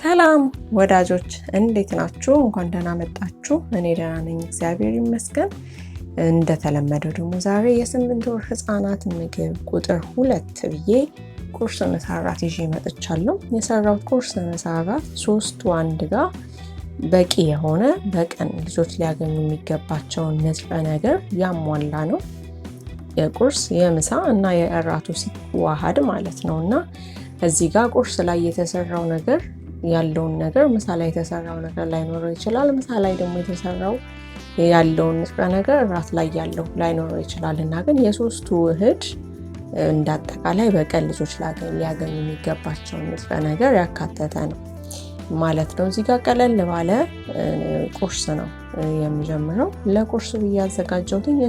ሰላም ወዳጆች እንዴት ናችሁ? እንኳን ደህና መጣችሁ። እኔ ደህና ነኝ፣ እግዚአብሔር ይመስገን። እንደተለመደው ደግሞ ዛሬ የስምንት ወር ህፃናት ምግብ ቁጥር ሁለት ብዬ ቁርስ ምሳ እራት ይዤ መጥቻለሁ። የሰራሁት ቁርስ ምሳ እራት ሶስቱ አንድ ጋር በቂ የሆነ በቀን ልጆች ሊያገኙ የሚገባቸውን ንጥረ ነገር ያሟላ ነው። የቁርስ የምሳ እና የእራቱ ሲዋሃድ ማለት ነው እና እዚህ ጋር ቁርስ ላይ የተሰራው ነገር ያለውን ነገር ምሳ ላይ የተሰራው ነገር ላይኖረው ይችላል። ምሳ ላይ ደግሞ የተሰራው ያለውን ንጥረ ነገር እራት ላይ ያለው ላይኖረው ይችላል እና ግን የሶስቱ ውህድ እንዳጠቃላይ በቀን ልጆች ሊያገኙ የሚገባቸውን ንጥረ ነገር ያካተተ ነው ማለት ነው። እዚህ ጋር ቀለል ባለ ቁርስ ነው የሚጀምረው። ለቁርስ ብዬ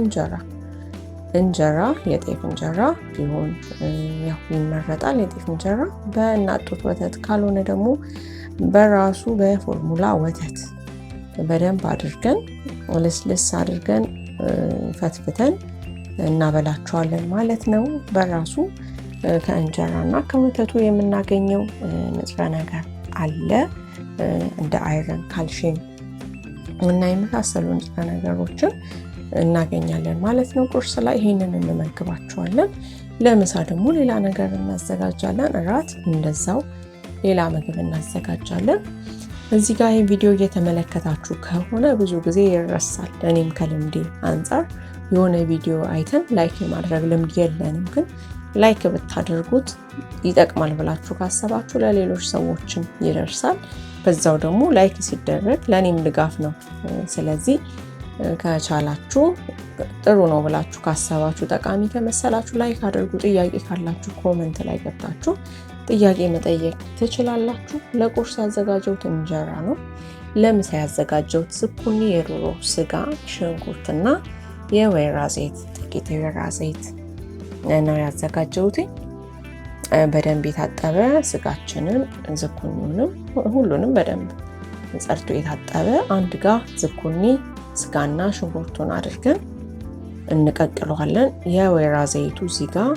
እንጀራ እንጀራ የጤፍ እንጀራ ቢሆን ያው ይመረጣል። የጤፍ እንጀራ በእናት ጡት ወተት ካልሆነ ደግሞ በራሱ በፎርሙላ ወተት በደንብ አድርገን ልስልስ አድርገን ፈትፍተን እናበላቸዋለን ማለት ነው። በራሱ ከእንጀራና ከወተቱ የምናገኘው ንጥረ ነገር አለ እንደ አይረን፣ ካልሽም እና የመሳሰሉ ንጥረ ነገሮችን እናገኛለን ማለት ነው። ቁርስ ላይ ይሄንን እንመግባቸዋለን። ለምሳ ደግሞ ሌላ ነገር እናዘጋጃለን። እራት እንደዛው ሌላ ምግብ እናዘጋጃለን። እዚህ ጋር ይህን ቪዲዮ እየተመለከታችሁ ከሆነ ብዙ ጊዜ ይረሳል። እኔም ከልምዴ አንጻር የሆነ ቪዲዮ አይተን ላይክ የማድረግ ልምድ የለንም፣ ግን ላይክ ብታደርጉት ይጠቅማል ብላችሁ ካሰባችሁ ለሌሎች ሰዎችም ይደርሳል። በዛው ደግሞ ላይክ ሲደረግ ለእኔም ድጋፍ ነው። ስለዚህ ከቻላችሁ ጥሩ ነው ብላችሁ ካሰባችሁ ጠቃሚ ከመሰላችሁ ላይክ አድርጉ። ጥያቄ ካላችሁ ኮመንት ላይ ገብታችሁ ጥያቄ መጠየቅ ትችላላችሁ። ለቁርስ ያዘጋጀሁት እንጀራ ነው። ለምሳ ያዘጋጀሁት ዝኩኒ፣ የዶሮ ስጋ፣ ሽንኩርትና የወይራ ዘይት ጥቂት የወይራ ዘይት ነው ያዘጋጀሁት። በደንብ የታጠበ ስጋችንን ዝኩኒንም ሁሉንም በደንብ ጸርቶ የታጠበ አንድ ጋ ዝኩኒ ስጋና ሽንኩርቱን አድርገን እንቀቅለዋለን። የወይራ ዘይቱ እዚህ ጋር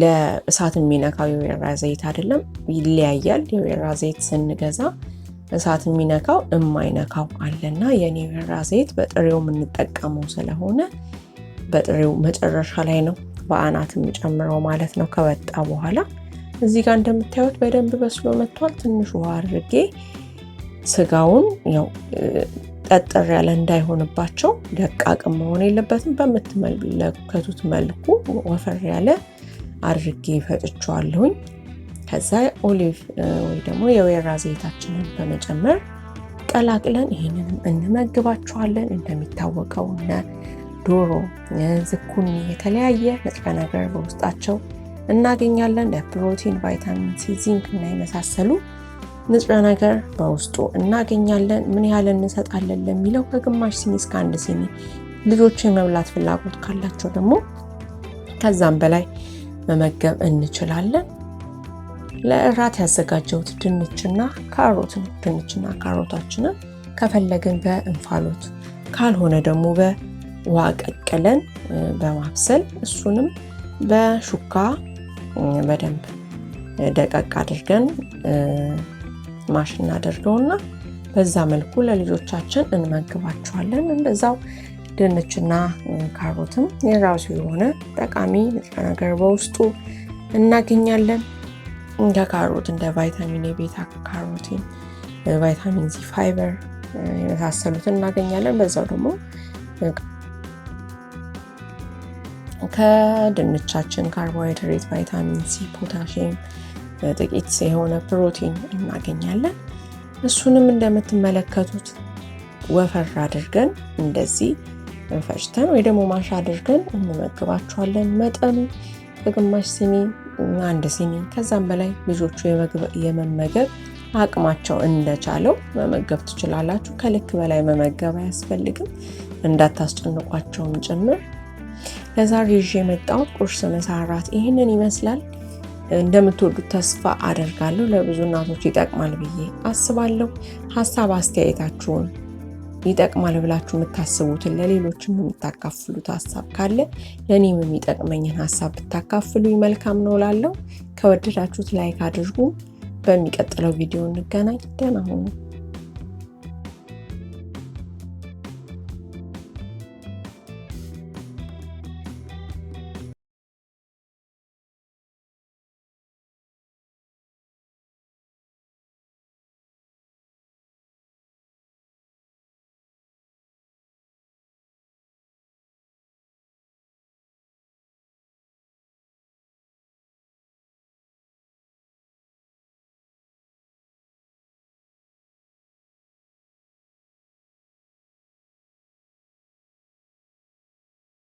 ለእሳት የሚነካው የወይራ ዘይት አይደለም፣ ይለያያል። የወይራ ዘይት ስንገዛ እሳት የሚነካው እማይነካው አለና የኔ ወይራ ዘይት በጥሬው የምንጠቀመው ስለሆነ በጥሬው መጨረሻ ላይ ነው በአናት የሚጨምረው ማለት ነው። ከወጣ በኋላ እዚህ ጋር እንደምታዩት በደንብ በስሎ መጥቷል። ትንሽ ውሃ አድርጌ ስጋውን ያው ጠጠር ያለ እንዳይሆንባቸው ደቃቅም መሆን የለበትም። በምትመለከቱት መልኩ ወፈር ያለ አድርጌ ፈጭቸዋለሁኝ። ከዛ ኦሊቭ ወይ ደግሞ የወይራ ዘይታችንን በመጨመር ቀላቅለን ይህንን እንመግባቸዋለን። እንደሚታወቀው እነ ዶሮ፣ ዝኩኒ የተለያየ ንጥረ ነገር በውስጣቸው እናገኛለን። ለፕሮቲን፣ ቫይታሚን ሲ፣ ዚንክ እና የመሳሰሉ ንጥረ ነገር በውስጡ እናገኛለን። ምን ያህል እንሰጣለን ለሚለው ከግማሽ ሲኒ እስከ አንድ ሲኒ፣ ልጆቹ የመብላት ፍላጎት ካላቸው ደግሞ ከዛም በላይ መመገብ እንችላለን። ለእራት ያዘጋጀሁት ድንችና ካሮት ነው። ድንችና ካሮታችንን ከፈለግን በእንፋሎት ካልሆነ ደግሞ በውሃ ቀቅለን በማብሰል እሱንም በሹካ በደንብ ደቀቅ አድርገን ማሽ እናደርገውና በዛ መልኩ ለልጆቻችን እንመግባቸዋለን። እንደዛው ድንችና ካሮትም የራሱ የሆነ ጠቃሚ ንጥረ ነገር በውስጡ እናገኛለን። እንደ ካሮት እንደ ቫይታሚን የቤታ ካሮቲን፣ ቫይታሚን ዚ፣ ፋይበር የመሳሰሉት እናገኛለን። በዛው ደግሞ ከድንቻችን ካርቦሃይድሬት፣ ቫይታሚን ሲ፣ ፖታሽም ጥቂት የሆነ ፕሮቲን እናገኛለን። እሱንም እንደምትመለከቱት ወፈር አድርገን እንደዚህ እንፈጭተን ወይ ደግሞ ማሻ አድርገን እንመግባቸዋለን። መጠኑ ከግማሽ ሲኒ አንድ ሲኒ ከዛም በላይ ልጆቹ የመመገብ አቅማቸው እንደቻለው መመገብ ትችላላችሁ። ከልክ በላይ መመገብ አያስፈልግም፣ እንዳታስጨንቋቸውም ጭምር። ለዛሬ ይዤ የመጣሁት ቁርስ፣ ምሳ፣ እራት ይህንን ይመስላል። እንደምትወዱት ተስፋ አደርጋለሁ። ለብዙ እናቶች ይጠቅማል ብዬ አስባለሁ። ሀሳብ አስተያየታችሁን ይጠቅማል ብላችሁ የምታስቡትን ለሌሎችም የምታካፍሉት ሀሳብ ካለ ለእኔም የሚጠቅመኝን ሀሳብ ብታካፍሉ መልካም ነው ላለው ከወደዳችሁት ላይክ አድርጉ። በሚቀጥለው ቪዲዮ እንገናኝ። ደህና ሁኑ።